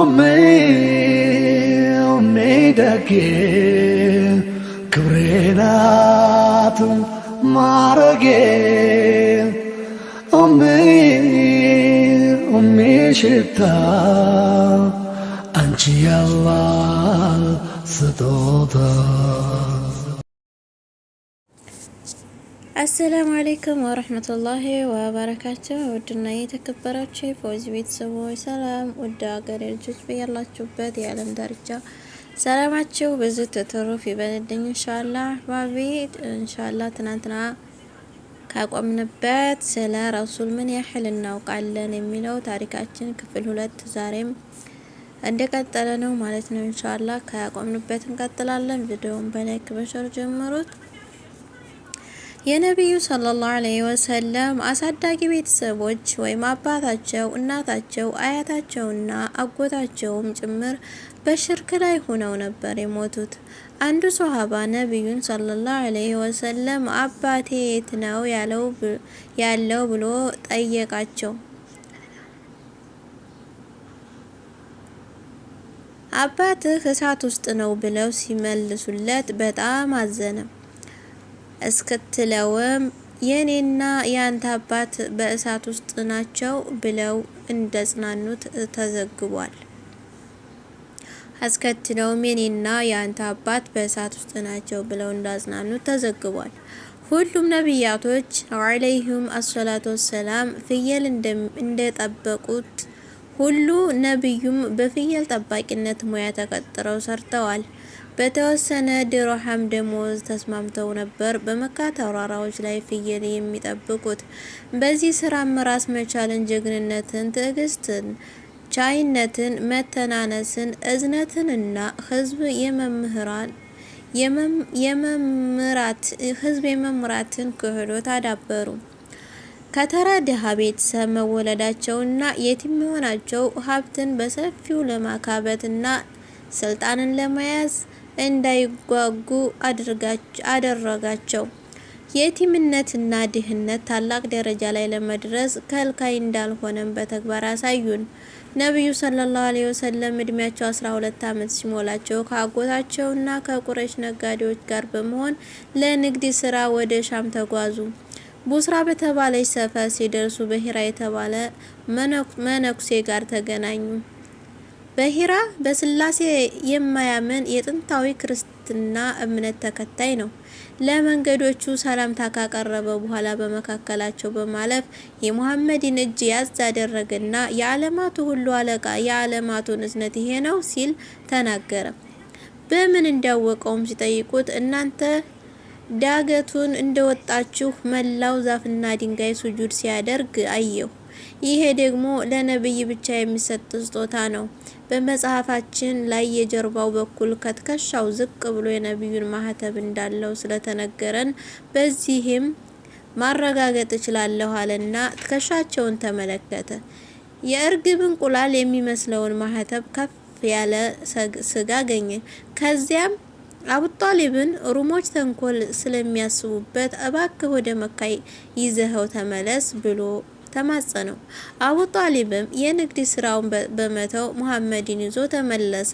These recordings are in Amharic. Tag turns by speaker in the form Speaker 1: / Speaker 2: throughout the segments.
Speaker 1: O meu meida que crenato marge o meu o meu ante Allah se todo
Speaker 2: አሰላሙ አሌይኩም ወረህመቱላሂ ወበረካቸው። ውድና የተከበራችሁ ፎዚ ቤተሰቦች ሰላም፣ ውድ ሀገሬ ልጆች በያላችሁበት የዓለም ዳርቻ ሰላማችሁ ብዙ ትትሩፍ ይበልልኝ። እንሻላ ባቤት እንሻላ ትናንትና ካቆምንበት ስለ ረሱል ምን ያህል እናውቃለን የሚለው ታሪካችን ክፍል ሁለት ዛሬም እንደቀጠለ ነው ማለት ነው። እንሻላ ካቆምንበት እንቀጥላለን። ቪዲዮውን በላይክ በሸር ጀምሩት። የነቢዩ ሰለላሁ አለይሂ ወሰለም አሳዳጊ ቤተሰቦች ወይም አባታቸው፣ እናታቸው፣ አያታቸውና አጎታቸውም ጭምር በሽርክ ላይ ሆነው ነበር የሞቱት። አንዱ ሶሃባ ነቢዩን ሰለላሁ አለይሂ ወሰለም አባቴ የት ነው ያለው ብሎ ጠየቃቸው። አባትህ እሳት ውስጥ ነው ብለው ሲመልሱለት በጣም አዘነም። እስክትለውም የኔና የአንተ አባት በእሳት ውስጥ ናቸው ብለው እንደጽናኑት ተዘግቧል። አስከትለውም የኔና የአንተ አባት በእሳት ውስጥ ናቸው ብለው እንዳጽናኑት ተዘግቧል። ሁሉም ነቢያቶች አለይሁም አሰላቱ ወሰላም ፍየል እንደጠበቁት ሁሉ ነቢዩም በፍየል ጠባቂነት ሙያ ተቀጥረው ሰርተዋል። በተወሰነ ድርሃም ደሞዝ ተስማምተው ነበር በመካ ተራራዎች ላይ ፍየል የሚጠብቁት። በዚህ ስራም ራስ መቻልን፣ ጀግንነትን፣ ትዕግስትን፣ ቻይነትን፣ መተናነስን፣ እዝነትንና ህዝብ የመምህራን የመምራት ህዝብ የመምራትን ክህሎት አዳበሩ። ከተራ ድሃ ቤተሰብ መወለዳቸውና የቲም መሆናቸው ሀብትን በሰፊው ለማካበት እና ስልጣንን ለመያዝ እንዳይጓጉ አደረጋቸው። የቲምነትና ድህነት ታላቅ ደረጃ ላይ ለመድረስ ከልካይ እንዳልሆነም በተግባር አሳዩን። ነቢዩ ሰለላሁ ዐለይሂ ወሰለም እድሜያቸው 12 ዓመት ሲሞላቸው ከአጎታቸውና ከቁረሽ ነጋዴዎች ጋር በመሆን ለንግድ ስራ ወደ ሻም ተጓዙ። ቡስራ በተባለች ሰፈር ሲደርሱ በሂራ የተባለ መነኩሴ ጋር ተገናኙ። በሂራ በስላሴ የማያምን የጥንታዊ ክርስትና እምነት ተከታይ ነው። ለመንገዶቹ ሰላምታ ካቀረበ በኋላ በመካከላቸው በማለፍ የሙሐመድን እጅ ያዝ አደረገና የዓለማቱ ሁሉ አለቃ የዓለማቱን እዝነት ይሄ ነው ሲል ተናገረ። በምን እንዳወቀውም ሲጠይቁት እናንተ ዳገቱን እንደወጣችሁ መላው ዛፍና ድንጋይ ሱጁድ ሲያደርግ አየሁ። ይሄ ደግሞ ለነብይ ብቻ የሚሰጥ ስጦታ ነው። በመጽሐፋችን ላይ የጀርባው በኩል ከትከሻው ዝቅ ብሎ የነቢዩን ማህተብ እንዳለው ስለተነገረን በዚህም ማረጋገጥ እችላለሁ አለና ትከሻቸውን ተመለከተ። የእርግብ እንቁላል የሚመስለውን ማህተብ ከፍ ያለ ስጋ አገኘ። ከዚያም አቡጣሊብን ሩሞች ተንኮል ስለሚያስቡበት እባክህ ወደ መካ ይዘኸው ተመለስ ብሎ ተማጸነው። አቡ ጣሊብም የንግድ ስራውን በመተው ሙሐመድን ይዞ ተመለሰ።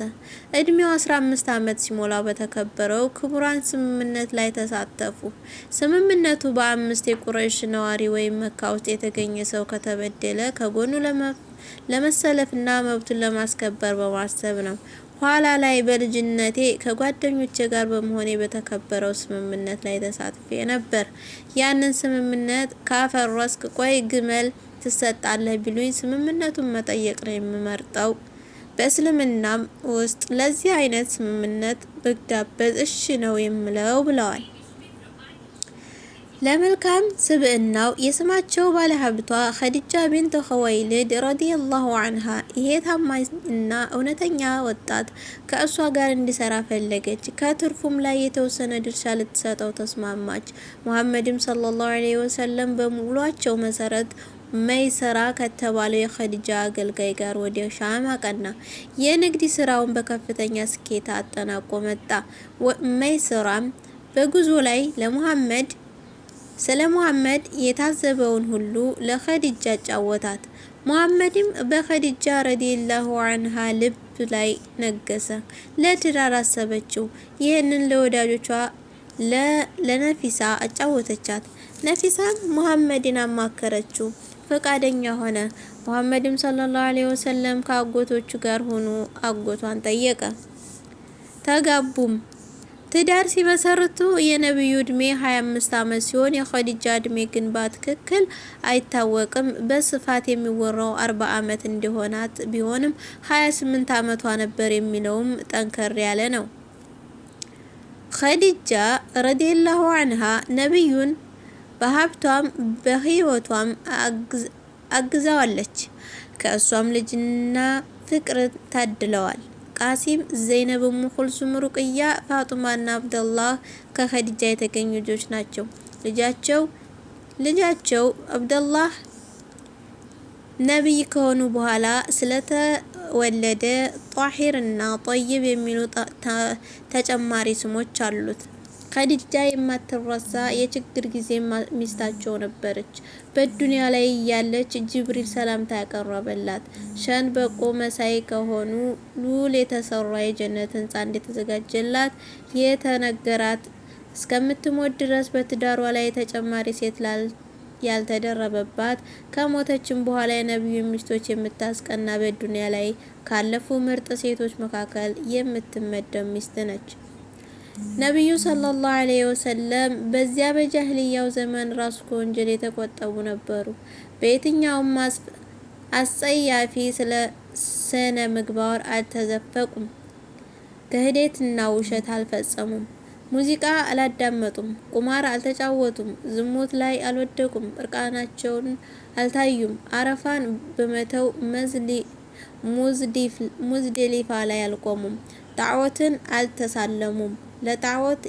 Speaker 2: እድሜው 15 ዓመት ሲሞላ በተከበረው ክቡራን ስምምነት ላይ ተሳተፉ። ስምምነቱ በአምስት የቁረይሽ ነዋሪ ወይም መካ ውስጥ የተገኘ ሰው ከተበደለ ከጎኑ ለመሰለፍና መብቱን ለማስከበር በማሰብ ነው። ኋላ ላይ በልጅነቴ ከጓደኞቼ ጋር በመሆኔ በተከበረው ስምምነት ላይ ተሳትፌ ነበር። ያንን ስምምነት ካፈረስክ ቆይ ግመል ትሰጣለህ ቢሉኝ ስምምነቱን መጠየቅ ነው የምመርጠው። በእስልምናም ውስጥ ለዚህ አይነት ስምምነት ብጋበዝ እሺ ነው የምለው ብለዋል። ለመልካም ስብዕናው የስማቸው ባለሀብቷ ኸዲጃ ቢንት ኸወይልድ ረዲየላሁ አንሃ ይሄ ታማኝ እውነተኛ ወጣት ከእሷ ጋር እንዲሰራ ፈለገች። ከትርፉም ላይ የተወሰነ ድርሻ ልትሰጠው ተስማማች። ሙሐመድም ሰለላሁ ዐለይሂ ወሰለም በሙሏቸው መሰረት መይሰራ ከተባለው የኸዲጃ አገልጋይ ጋር ወደ ሻም አቀና። የንግድ ስራውን በከፍተኛ ስኬት አጠናቆ መጣ። መይሰራም በጉዞ ላይ ለሙሐመድ ስለ መሐመድ የታዘበውን ሁሉ ለኸዲጃ ጫወታት። መሐመድም በኸዲጃ ረዲየላሁ አንሃ ልብ ላይ ነገሰ። ለትዳር አሰበችው። ይህንን ለወዳጆቿ ለነፊሳ አጫወተቻት። ነፊሳም መሐመድን አማከረችው፣ ፈቃደኛ ሆነ። መሐመድም ሰለላሁ ዐለይሂ ወሰለም ከአጎቶቹ ጋር ሆኖ አጎቷን ጠየቀ፣ ተጋቡም። ትዳር ሲመሰርቱ የነቢዩ እድሜ 25 ዓመት ሲሆን የኸዲጃ እድሜ ግን በትክክል አይታወቅም። በስፋት የሚወራው 40 ዓመት እንደሆናት ቢሆንም 28 ዓመቷ ነበር የሚለውም ጠንከር ያለ ነው። ኸዲጃ ረዲየላሁ አንሃ ነቢዩን በሀብቷም በህይወቷም አግዛዋለች። ከእሷም ልጅና ፍቅር ታድለዋል። ቃሲም፣ ዘይነብ፣ ኡሙ ኩልሱም፣ ሩቅያ፣ ፋጡማና አብደላህ ከኸዲጃ የተገኙ ልጆች ናቸው። ልጃቸው ልጃቸው አብደላህ ነቢይ ከሆኑ በኋላ ስለተወለደ ጧሂርና ጠይብ የሚሉ ተጨማሪ ስሞች አሉት። ከዲጃ የማትረሳ የችግር ጊዜ ሚስታቸው ነበረች። በዱንያ ላይ ያለች ጅብሪል ሰላምታ ያቀረበላት ሸንበቆ መሳይ ከሆኑ ሉል የተሰራ የጀነት ህንፃ እንደተዘጋጀላት የተነገራት እስከምትሞት ድረስ በትዳሯ ላይ ተጨማሪ ሴት ያልተደረበባት ከሞተችም በኋላ የነቢዩ ሚስቶች የምታስቀና በዱንያ ላይ ካለፉ ምርጥ ሴቶች መካከል የምትመደብ ሚስት ነች። ነቢዩ ሰለላሁ ዐለይሂ ወሰለም በዚያ በጃህልያው ዘመን ራሱ ከወንጀል የተቆጠቡ ነበሩ። በየትኛውም አስጸያፊ ስለ ስነ ምግባር አልተዘፈቁም። ክህደትና ውሸት አልፈጸሙም። ሙዚቃ አላዳመጡም። ቁማር አልተጫወቱም። ዝሙት ላይ አልወደቁም። እርቃናቸውን አልታዩም። አረፋን በመተው ሙዝደሊፋ ላይ አልቆሙም። ጣዖትን አልተሳለሙም። ለጣዖት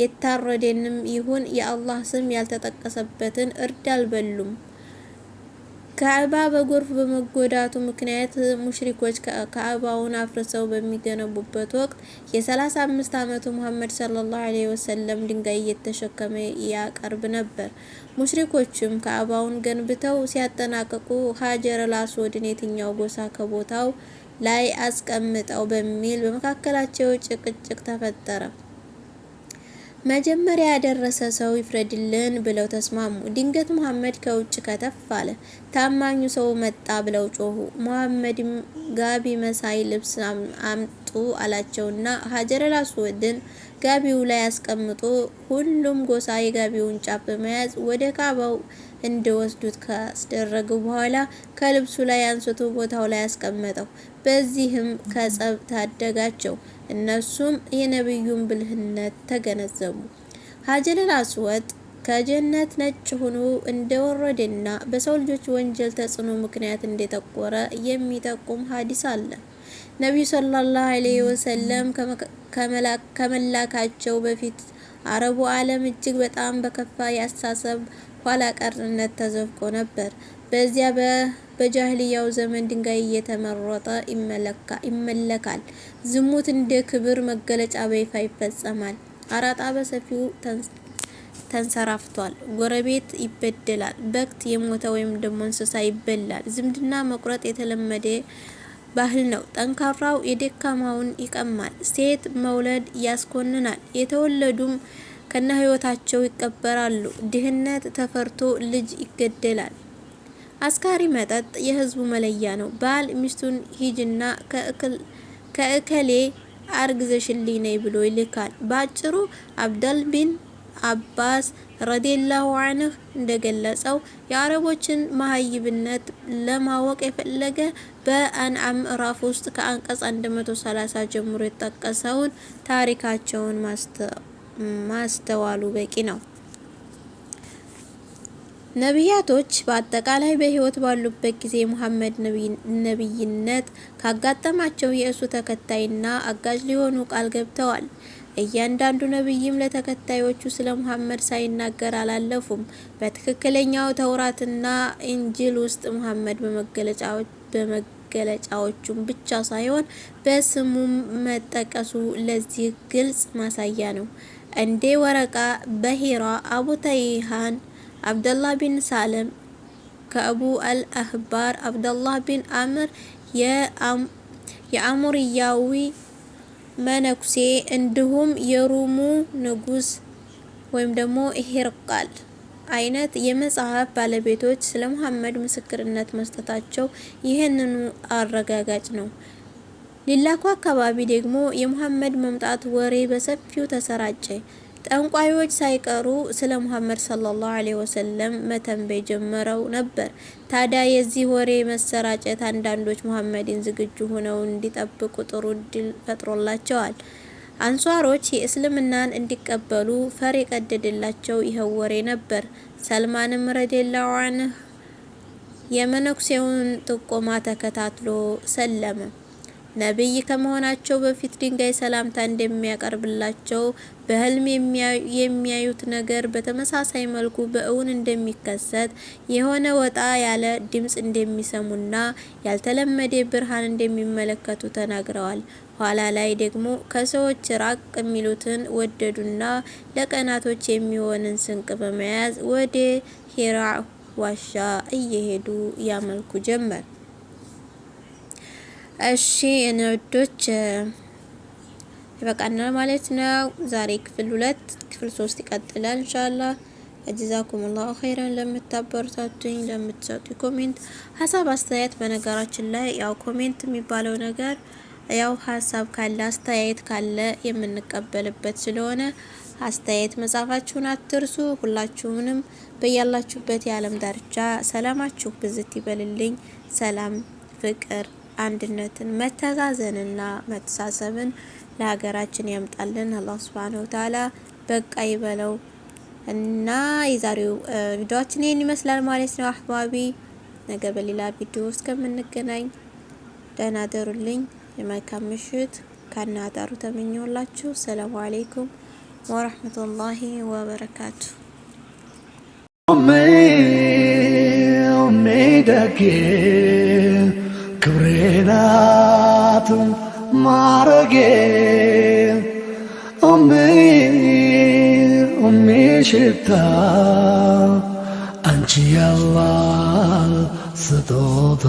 Speaker 2: የታረደንም ይሁን የአላህ ስም ያልተጠቀሰበትን እርድ አልበሉም። ካዕባ በጎርፍ በመጎዳቱ ምክንያት ሙሽሪኮች ካዕባውን አፍርሰው በሚገነቡበት ወቅት የሰላሳ አምስት ዓመቱ ሙሐመድ ሰለላሁ ዐለይሂ ወሰለም ድንጋይ እየተሸከመ ያቀርብ ነበር። ሙሽሪኮችም ካዕባውን ገንብተው ሲያጠናቀቁ ሀጀረል አስወድን የትኛው ጎሳ ከቦታው ላይ አስቀምጠው በሚል በመካከላቸው ጭቅጭቅ ተፈጠረ። መጀመሪያ ያደረሰ ሰው ይፍረድልን ብለው ተስማሙ። ድንገት መሐመድ ከውጭ ከተፍ አለ። ታማኙ ሰው መጣ ብለው ጮሁ። መሐመድም ጋቢ መሳይ ልብስ አምጡ አላቸውና ሀጀረል አስወድን ጋቢው ላይ አስቀምጦ ሁሉም ጎሳ የጋቢውን ጫፍ በመያዝ ወደ ካባው እንደወስዱት ካስደረገ በኋላ ከልብሱ ላይ አንስቶ ቦታው ላይ አስቀመጠው። በዚህም ከጸብ ታደጋቸው። እነሱም የነብዩን ብልህነት ተገነዘቡ። ሀጀረል አስወድ ከጀነት ነጭ ሆኖ እንደወረደና በሰው ልጆች ወንጀል ተጽዕኖ ምክንያት እንደጠቆረ የሚጠቁም ሀዲስ አለ። ነቢዩ ሰለላሁ ዐለይሂ ወሰለም ከመላካቸው በፊት አረቡ ዓለም እጅግ በጣም በከፋ ያሳሰብ ኋላ ቀርነት ተዘፍቆ ነበር። በዚያ በጃህልያው ዘመን ድንጋይ እየተመረጠ ይመለካል። ዝሙት እንደ ክብር መገለጫ በይፋ ይፈጸማል። አራጣ በሰፊው ተንሰራፍቷል። ጎረቤት ይበደላል። በክት የሞተ ወይም ደግሞ እንስሳ ይበላል። ዝምድና መቁረጥ የተለመደ ባህል ነው። ጠንካራው የደካማውን ይቀማል። ሴት መውለድ ያስኮንናል። የተወለዱም ከነ ህይወታቸው ይቀበራሉ። ድህነት ተፈርቶ ልጅ ይገደላል። አስካሪ መጠጥ የህዝቡ መለያ ነው። ባል ሚስቱን ሂጅና ከእከሌ አርግዘሽልኝ ነይ ብሎ ይልካል። በአጭሩ አብደል ቢን አባስ ረዲየላሁ አንህ እንደገለጸው የአረቦችን መሀይብነት ለማወቅ የፈለገ በአንዓም ምዕራፍ ውስጥ ከአንቀጽ 130 ጀምሮ የጠቀሰውን ታሪካቸውን ማስተው ማስተዋሉ በቂ ነው። ነቢያቶች በአጠቃላይ በሕይወት ባሉበት ጊዜ ሙሐመድ ነቢይነት ካጋጠማቸው የእሱ ተከታይና አጋዥ ሊሆኑ ቃል ገብተዋል። እያንዳንዱ ነቢይም ለተከታዮቹ ስለ ሙሐመድ ሳይናገር አላለፉም። በትክክለኛው ተውራትና ኢንጅል ውስጥ ሙሐመድ በመገለጫዎች መገለጫዎቹን ብቻ ሳይሆን በስሙም መጠቀሱ ለዚህ ግልጽ ማሳያ ነው። እንዴ ወረቃ በሂራ አቡ ተይሃን አብደላህ ቢን ሳለም ከአቡ አልአህባር አብደላህ ቢን አምር የአሙርያዊ መነኩሴ እንዲሁም የሩሙ ንጉስ ወይም ደግሞ ሂርቃል አይነት የመጽሐፍ ባለቤቶች ስለ ሙሐመድ ምስክርነት መስጠታቸው ይህንኑ አረጋጋጭ ነው። ሊላኩ አካባቢ ደግሞ የሙሐመድ መምጣት ወሬ በሰፊው ተሰራጨ። ጠንቋዮች ሳይቀሩ ስለ ሙሐመድ ሰለላሁ ዐለይሂ ወሰለም መተንበይ ጀምረው ነበር። ታዲያ የዚህ ወሬ መሰራጨት አንዳንዶች ሙሐመድን ዝግጁ ሆነው እንዲጠብቁ ጥሩ እድል ፈጥሮላቸዋል። አንሷሮች የእስልምናን እንዲቀበሉ ፈር የቀደደላቸው ይኸው ወሬ ነበር። ሰልማንም ረዲየላሁ አንህ የመነኩሴውን ጥቆማ ተከታትሎ ሰለመ። ነቢይ ከመሆናቸው በፊት ድንጋይ ሰላምታ እንደሚያቀርብላቸው በህልም የሚያዩት ነገር በተመሳሳይ መልኩ በእውን እንደሚከሰት የሆነ ወጣ ያለ ድምፅ እንደሚሰሙና ያልተለመደ ብርሃን እንደሚመለከቱ ተናግረዋል። ኋላ ላይ ደግሞ ከሰዎች ራቅ የሚሉትን ወደዱና ለቀናቶች የሚሆንን ስንቅ በመያዝ ወደ ሂራ ዋሻ እየሄዱ ያመልኩ ጀመር። እሺ የኔ ይበቃናል ማለት ነው። ዛሬ ክፍል ሁለት ክፍል ሶስት ይቀጥላል እንሻላ እጅዛኩም ላሁ ኸይረን ለምታበረታቱኝ ለምትሰጡ ኮሜንት፣ ሀሳብ አስተያየት። በነገራችን ላይ ያው ኮሜንት የሚባለው ነገር ያው ሀሳብ ካለ አስተያየት ካለ የምንቀበልበት ስለሆነ አስተያየት መጻፋችሁን አትርሱ። ሁላችሁንም በያላችሁበት የዓለም ዳርቻ ሰላማችሁ ብዝት ይበልልኝ። ሰላም፣ ፍቅር፣ አንድነትን፣ መተዛዘንና መተሳሰብን ለሀገራችን ያምጣልን አላህ ሱብሃነሁ ወተዓላ በቃ ይበለው እና የዛሬው ቪዲዮችን ይህን ይመስላል ማለት ነው አህባቢ። ነገ በሌላ ቪዲዮ እስከምንገናኝ ደህና ደሩልኝ። የመልካም ምሽት ከናጣሩ ተመኘውላችሁ። ሰላም አለይኩም ወራህመቱላሂ ወበረካቱ። ሜ ደጌ ክብሬ ናት ሜ ሽታ አንቺ ያላ ስጦታ